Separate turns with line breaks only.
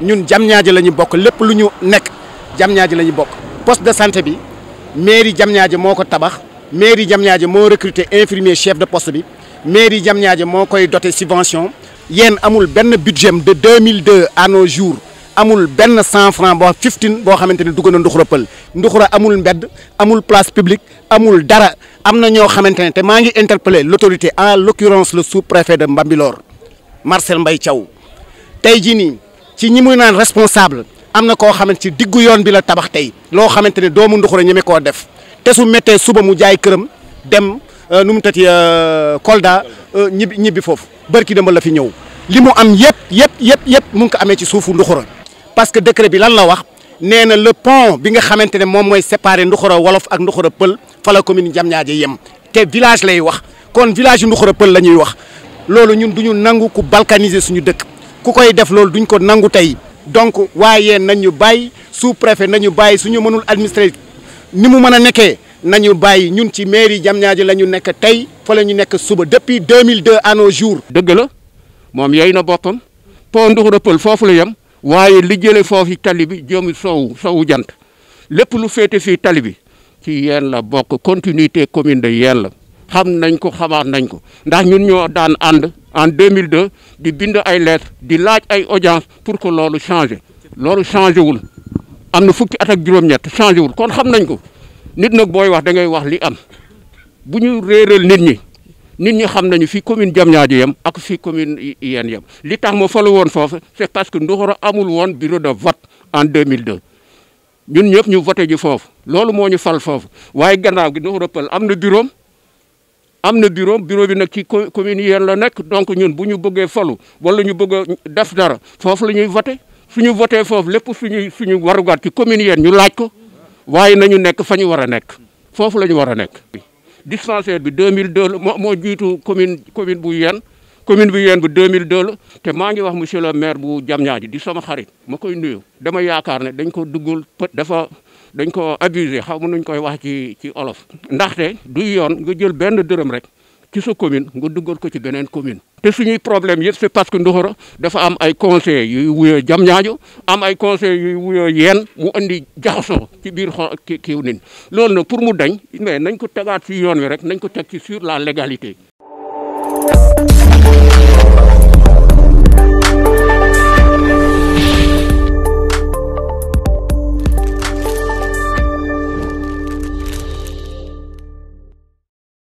ñun Diamniadio la ñu bokk lépp lu ñu nekk Diamniadio poste de santé bi mairie Diamniadio moo tabax mairie Diamniadio moo recruter infirmier chef de poste bi mairie Diamniadio moo koy subventions..! subvention yéen amul un budget de 2002 à nos jours amul ben 100 francs, boo 15 boo xamante ne dugg na nduxura pël nduxura amul mbedd amul place publique amul dara amna ño xamanteni te maa interpellé l'autorité en l'occurrence le sous-préfet de Mbambilor Marcel Mbaye Thiaw tey ci ñi muy naan responsable am na koo xamante ci diggu yoon bi la tabax tey loo xamante ne doomu nduxura ñeme koo def te su méttee suba mu jaay këram dem euh, nu mu tati euh, Kolda euh, ñibbi ñibbi foofu barki dëmb la fi ñëw li mu am yëpp yëpp yëpp yëpp mu ngi ko amee ci suufu nduxura parce que décret bi lan la wax nee na le pont bi nga xamante ne moom mooy séparer nduxura wolof ak nduxura pël fa la commune Diamniadio yem te village lay wax kon village yu nduxura pël la ñuy wax loolu ñun du ñu nangu ku balkaniser suñu dëkk ku koy def loolu duñ ko nangu tey donc waaye ñu bàyyi sous na ñu bàyyi suñu mënul administrer ni mu mën a nekkee nañu bàyyi ñun ci mairie Diamniadio la ñu nekk tey fa la ñu nekk suba depuis 2002 à nos jours. dëgg la
moom yooyu na boppam pont Nduxura Pël foofu la yem waaye li jëlee foofu tali bi joomi soowu sow jant lépp lu féete fii tali bi ci yeen la bokk continuité commune de yeen la. xam nañ ko xamaat nañ ko ndax ñun ñoo daan ànd en 2002 di bind ay lettres di laaj ay audience pour que loolu changé loolu changé wul am na fukki at ak juróom-ñett changé wul kon xam nañ ko nit nag booy wax da ngay wax li am bu ñu réeral nit ñi nit ñi xam nañu fi commune Diamniadio yem ak fi commune yéen yem li tax ma falu woon foofu c'est parce que Ndoukhara amul woon bureau de vote en 2002 ñun ñëpp ñu voté ji foofu loolu moo ñu fal foofu waaye gannaaw gi Ndoukhara Peulh am na bureau am na bureau bureau bi nag ci commune yéen la nekk donc ñun bu ñu bëggee falu wala ñu bëgg a def dara foofu la ñuy voté suñu voté foofu lépp suñuy suñu warugaat ci commune yéen ñu laaj ko waaye nañu nekk fa ñu war a nekk foofu la ñu war a nekk. dispensaire bi 2002 la moo moo jiitu commune commune bu yéen commune bu yéen bu 2002 la te maa ngi wax monsieur le maire bu Diamniadio di sama xarit ma koy nuyu dama yaakaar ne dañ ko duggul dafa. dañ ko abusé xaw ma nuñ koy wax ci ci olof ndaxte du yoon nga jël benn dërëm rek ci sa commune nga duggal ko ci beneen commune te suñuy problème yëpp c'est parce que Ndoxoro dafa am ay conseil yuy wuyoo Diamniadio am ay conseil yuy wuyo yeen mu andi jaxasoo ci biir xo kiiw nin loolu nag pour mu dañ mais nañ ko tegaat ci yoon wi rek nañ ko teg ci sur la légalité